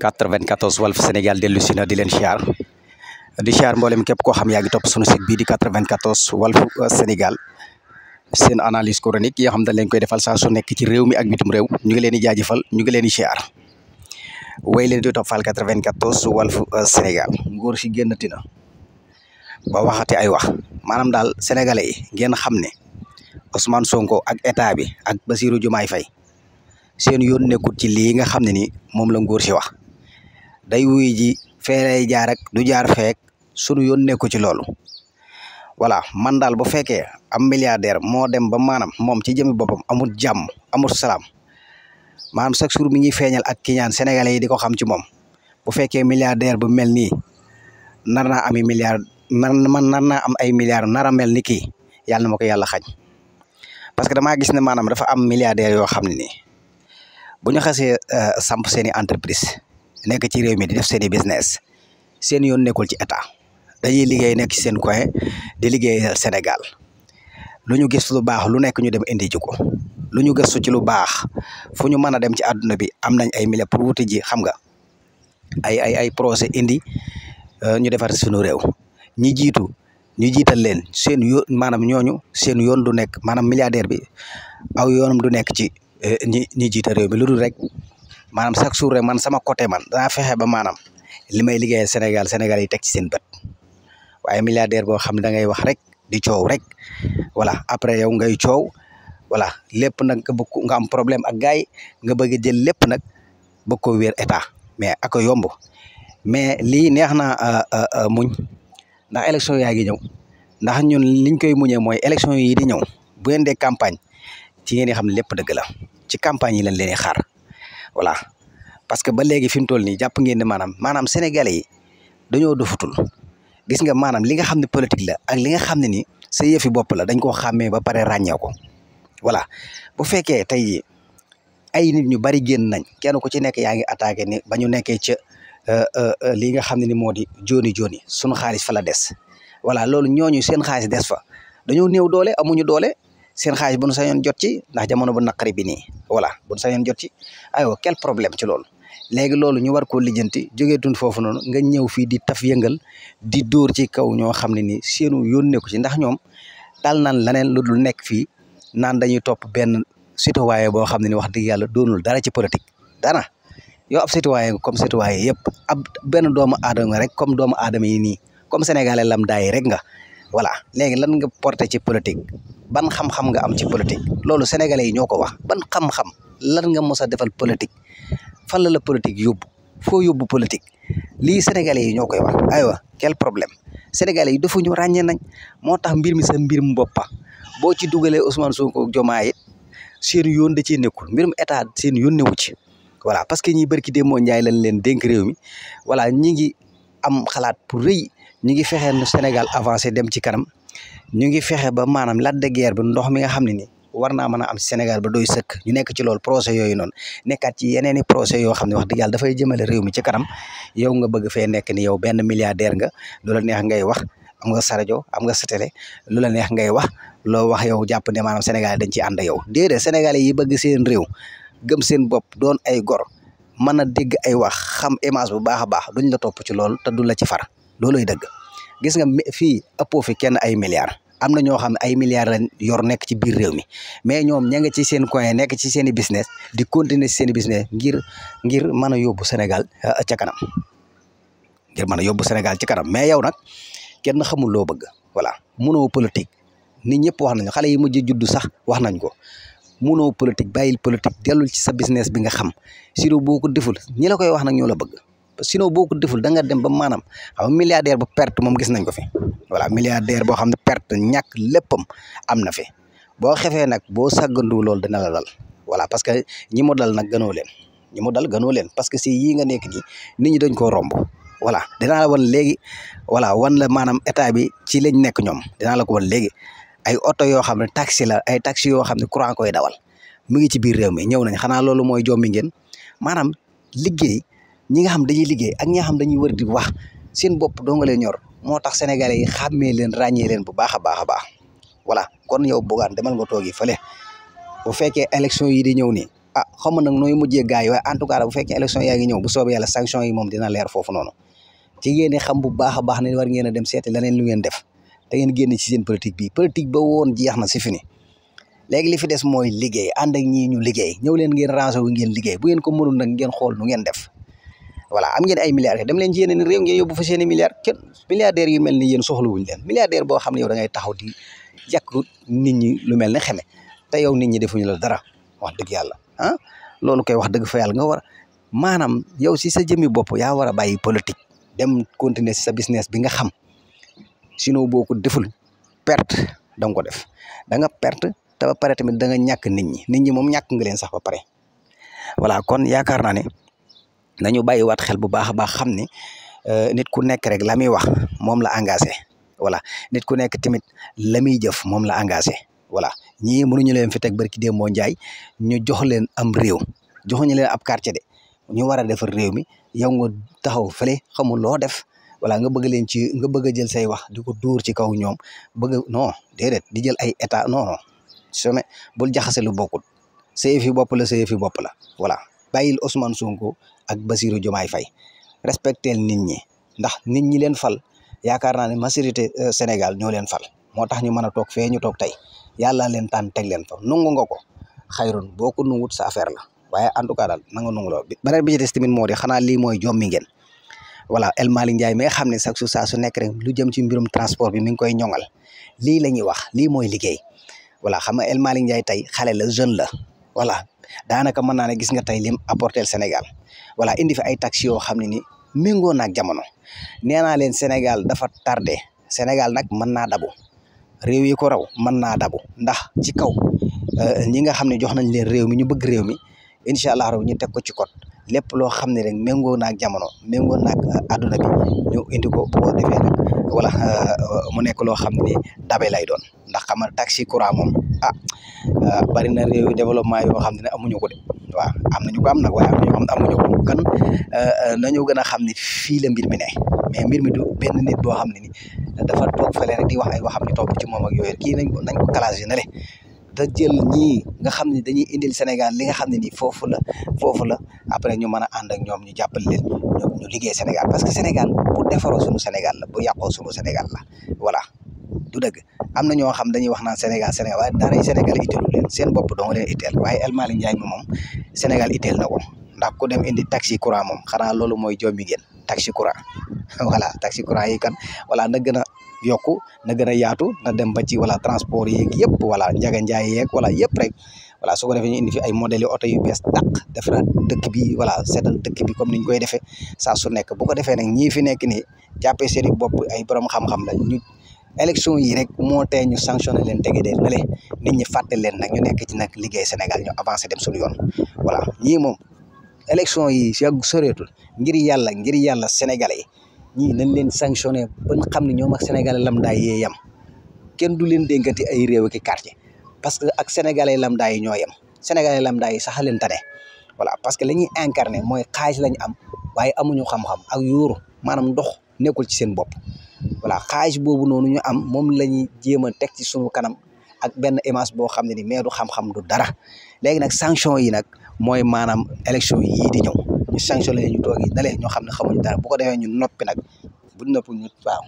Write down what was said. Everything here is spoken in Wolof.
94 Walf Sénégal dellu si na di leen siyaar di siyaar mboolem képp koo xam yaa ngi topp sunu site bii di 94 Walf euh, Sénégal seen analise chronique yoo xam dañ leen koy defal saa nekk ci réew mi ak bitum réew ñu ngi leen di jaajëfal ñu ngi leen di siyaar way leen di toppal 94 Walf euh, Sénégal nguur si génnati na ba waxati ay wax maanaam daal sénégalais yi ngeen xam ne Ousmane Sonko ak état bi ak Bassirou Diomaye fay seen yoon nekkut ci lii nga xam ne ni moom la nguur si wax day wuy ji fee lay du jaar feek sunu yoon nekku ci loolu voilà man daal bu fekkee am milliardaire moo dem ba maanaam moom ci jëmi boppam amul jàmm amul salaam maanaam chaque jour mi ngi feeñal ak kiñaan sénégalais yi di ko xam ci moom bu fekkee milliardaire bu mel nii nar naa ami milliard nar man nar naa am ay milliards nar a mel ni kii yàlla na ma ko yàlla xañ parce que damaa gis ne maanaam dafa am milliardaire yoo xam ne nii bu ñu xasee euh, samp seeni entreprise nekk ci réew mi di def seen i business seen yoon nekkul ci état dañuy liggéey nekk ci seen coin di liggéeyal Sénégal lu ñu gis lu baax lu nekk ñu dem indi ji ko lu ñu gëstu ci lu baax fu ñu mën a dem ci àdduna bi am nañ ay milliards pour wuti ji xam nga ay ay ay projet indi euh, ñu defar suñu réew ñi jiitu ñu jiital leen seen yoon maanaam ñooñu seen yoon du nekk maanaam milliardaire bi aw yoonam du nekk ci euh, ñi ñi jiital réew mi lu dul rek maanaam chaque jour rek man sama côté man danaa fexe ba maanaam li may liggéeyee Sénégal Sénégal yi teg ci seen bët waaye milliardaire boo xam ne da ngay wax rek di coow rek voilà après yow ngay coow voilà lépp nag nga bëgg nga am problème ak gars yi nga bëgg jël lépp nag bëgg ko wéer état mais ak yomb mais lii neex na euh, euh, euh, muñ ndax élection yaa ngi ñëw ndax ñun liñ koy muñee mooy élection yi di ñëw bu ngeen dee campagne ci ngeen di xam lépp dëgg la ci campagne yi lañ leen di voilà parce que ba léegi fi mu toll nii jàpp ngeen ne maanaam maanaam sénégalais yi dañoo dofutul gis nga maanaam li nga xam ne politique la ak li nga xam ne ni sa yëfi bopp la dañ koo xàmmee ba pare ràññee ko voilà bu fekkee tey ay nit ñu bari génn nañ kenn ku ci nekk yaa ngi attaqué ni ba nekkee ca euh, euh, euh, li nga xam ne ni moo di jooni jooni sunu xaalis fa la des wala loolu ñooñu seen xaalis des fa dañoo néew doole amuñu doole seen xaalis bu nu sañoon jot ci ndax jamono bu naqari bi nii voilà bu nu sañoon jot ci aywa quel problème ci loolu léegi loolu ñu war koo lijjanti jógee tund foofu noonu nga ñëw fii di taf yëngal di dóor ci kaw ñoo xam ne nii seenu yónnee ko ci ndax ñoom daal naan laneen lu dul nekk fii nan dañuy topp benn citoyen boo xam ne ni wax dëgg yàlla doonul dara ci politique dara yow ab citoyen comme citoyen yëpp ab benn doomu aadama rek comme doomu aadama yi nii comme sénégalais lam daay rek nga voilà léegi lan nga porté ci politique ban xam-xam nga am ci politique loolu sénégalais yi ñoo ko wax ban xam-xam lan nga mos a defal politique fan la la politique yóbbu foo yóbbu politique lii sénégalais yi ñoo koy wax aywa quel problème sénégalais yi defuñu ñu ràññee nañ moo tax mbir mi sa mbirum boppa boo ci dugalee Ousmane Sonko Diomaye it seen yoon da cee nekkul mbirum état seen yoon newu ci voilà parce que ñi barki démb Ndiaye lañ leen dénk réew mi voilà ñi ngi am xalaat pour rëy ñu ngi fexe nu Sénégal avancé dem ci kanam ñu ngi fexe ba maanaam ladde guerre bi ndox mi nga xam ne ni war naa mën a am Sénégal ba doy sëkk ñu nekk ci loolu projet yooyu noon nekkaat ci yeneen i projet yoo xam ne wax dëgg yàlla dafay jëmale réew mi ci kanam yow nga bëgg fee nekk ni yow benn milliardaire nga loola neex ngay wax am nga sa am nga sa télé loola neex ngay wax loo wax yow jàpp ne maanaam Sénégal dañ ci ànd yow déedéet Sénégalais yi bëgg seen réew gëm seen doon ay gor mën a dégg ay wax xam image bu baax a baax duñ la topp ci loolu te du la ci far looloy dëgg gis nga fii ëppoo fi kenn ay milliards am na ñoo xam ne ay milliards lañ yor nekk ci biir réew mi mais ñoom ña ngi ci seen coin nekk ci seen i business di continuer ci seen business ngir ngir mën a yóbbu Sénégal euh, ca kanam ngir mën a yóbbu Sénégal ci kanam mais yow nag kenn xamul loo bëgg voilà munoo politique nit ñëpp wax nañu xale yi mujj juddu sax wax nañ ko munoo politique bàyyil politique dellul ci sa business bi nga xam surtout boo ko deful ñi la koy wax nag ñoo la bëgg. sinon boo ko deful da nga dem ba maanaam xam milliardaire bu perte moom gis nañ ko fi voilà milliardaire bo xam ne perte ñàkk léppam am na fi boo xefee nag boo sàggandu loolu dina la dal voilà parce que ñi mu dal nag gënoo leen ñi mu dal gënoo leen parce que si yii nga nekk nii nit ñi dañ koo romb wala dinaa la wan léegi wala wan la maanaam état bi ci lañ nekk ñoom dinaa la ko wan léegi ay oto yoo xam ne taxi la ay taxi yoo xam ne courant koy dawal mu ngi ci biir réew mi ñëw nañ xanaa loolu mooy jommi ngeen maanaam liggéey ñi nga xam dañuy liggéey ak ñi nga xam dañuy wër di wax seen bopp doo ñor moo tax sénégalais yi xàmmee leen ràññee leen bu baax a baax a baax voilà kon yow Bougane demal nga toogi fële bu fekkee élection yi di ñëw nii ah xam nga nag nooy mujjee gars yi waaye en tout bu fekkee élection yaa ngi ñëw bu soobee yàlla sanction yi moom dina leer foofu noonu ci xam bu baax a baax ne war ngeen a dem seeti lu ngeen def te ngeen génn ci seen politique bi politique ba woon jeex na si fini léegi li fi des mooy liggéey ànd ak ñii ñu liggéey ñëw leen ngeen rangé wu ngeen liggéey bu ngeen ko mënul nag ngeen xool nu ngeen def voilà am ngeen ay milliards dem leen ci yeneen réew ngeen yóbbu fa seen i milliards kenn milliardaires yu mel ni yéen soxlawuñu leen milliardaire boo xam ne yow da ngay nit ñi lu mel ne xeme te yow nit ñi defuñu la dara wax dëgg yàlla ah loolu koy wax dëgg fa nga war maanaam yow si sa jëmmi bopp yaa war a bàyyi politique dem continuer si sa business bi nga xam sinon boo deful perte da def da perte te pare tamit da nga ñàkk nit ñi nit ñi moom ñàkk nga leen sax ba pare voilà kon yaakaar naa ne nañu bàyyiwaat xel bu baax a baax xam ni euh, nit ku nekk rek la muy wax moom la engagé voilà nit ku nekk tamit la muy jëf moom la engagé voilà ñi mënuñu leen fi teg barki démboo njaay ñu jox leen am réew joxuñu leen ab quartier de ñu war a defar réew mi yow nga taxaw fële xamul loo def voilà nga bëgg leen ci nga bëgg a jël say wax di ko ci kaw ñoom bëgg non déedéet di jël ay état non non bul jaxase lu bokkul sa yëf yi bopp la sa yëf voilà bàyyil Ousmane Sonko ak Bassirou Diomaye fay respectel nit ñi ndax nit ñi leen fal yaakaar naa ne majorité euh, Sénégal ñoo leen fal moo tax ñu mën a toog fee ñu toog tey yàlla leen tànn teg leen fa nungu nga ko xayrun boo ko nungut sa affaire la waaye en tout cas daal na nga nungu lool beneen bi ci des tamit moo di xanaa lii mooy jommi ngeen voilà El Malick Ndiaye mais xam ne sax su saa su nekk rek lu jëm ci mbirum transport bi mi ngi koy ñoŋal lii la ñuy wax lii mooy liggéey voilà xam nga El Malick Ndiaye tey xale jeune la voilà daanaka mën naa ne gis nga tey lim apporter Sénégal voilà indi fi ay taxes yoo xam ne ni méngoo naag jamono nee naa leen Sénégal dafa tardé Sénégal nag mën naa dabu réew yi ko raw mën naa dabu ndax ci kaw euh, ñi nga xam ne jox nañ leen réew mi ñu bëgg réew mi incha allah raw ñu teg ko ci code lépp loo xam ne rek méngoo naag jamono méngoo naag adduna euh, bi ñu indi ko bu ko defee nag wala euh, mu nekk loo xam ne dabe lay doon ndax xam nga taxi courant moom a ah, euh, bari na réew développement yoo xam ne amuñu ko de waaw am nañu ko am nag waaye am nañu xam ne amuñu ko gën a xam ne fii la mbir mi ne mais mbir mi du benn nit boo xam ne ni dafa toog fële di wax ay waxam ni topp ci moom ak yooyu kii nañ ko nañ ko classé na le te jël ñii nga xam ne dañuy indil Sénégal li nga xam ne nii foofu la foofu la après ñu mën a ànd ak ñoom ñu jàppal leen ñoom ñu liggéey Sénégal parce que Sénégal bu defaroo sunu Sénégal la bu yàqoo sunu Sénégal la voilà du dëgg am na ñoo xam dañuy wax naan Sénégal Sénégal waaye daaray Sénégal itteelu leen seen bopp dong leen itteel waaye El Malick Ndiaye Sénégal itteel na ko dem indi taxi courant moom xanaa loolu mooy jombi ngeen taxi courant voilà taxi courant yi kan a yokku na gën yaatu na dem ba ci voilà transport yeeg yëpp voilà njaga njaay yeeg voilà yëpp rek voilà su defee ñu indi fi ay modèles yu oto yu bees dàq defaraat dëkk bi voilà seetal dëkk bi comme niñ koy defee saa su nekk bu ko defee nag ñii fi nekk ni jàppee seen i bopp ay borom xam-xam la ñu élection yi rek moo tee ñu sanctionné leen tege dee nale nit ñi fàtte leen nag ñu nekk ci nag liggéey Sénégal ñu avancé dem suñu yoon voilà ñii moom élection yi yàgg soreetul ngir yàlla ngir yàlla sénégalais yi ñi nañ leen sanctionné ba xam ne ñoom ak lam daay yee yem kenn du leen dénkati ay réew ak i quartier parce que ak sénégalais lambda yi ñoo yem sénégalais lam daay sax leen tane wala parce que la ñuy incarné mooy xaalis lañ am waaye amuñu xam-xam ak yuuru maanaam dox nekkul ci seen bopp voilà xaalis boobu noonu ñu am moom la ñuy jéem a teg ci sunu kanam ak benn image boo xam ne ni mais du xam-xam du dara léegi nag sanction yi nag mooy maanaam élection yi di ñëw sanctionné ñu toog yi ñoo xam ne xamuñ dara bu ko defee ñu noppi nag bu noppi ñu waaw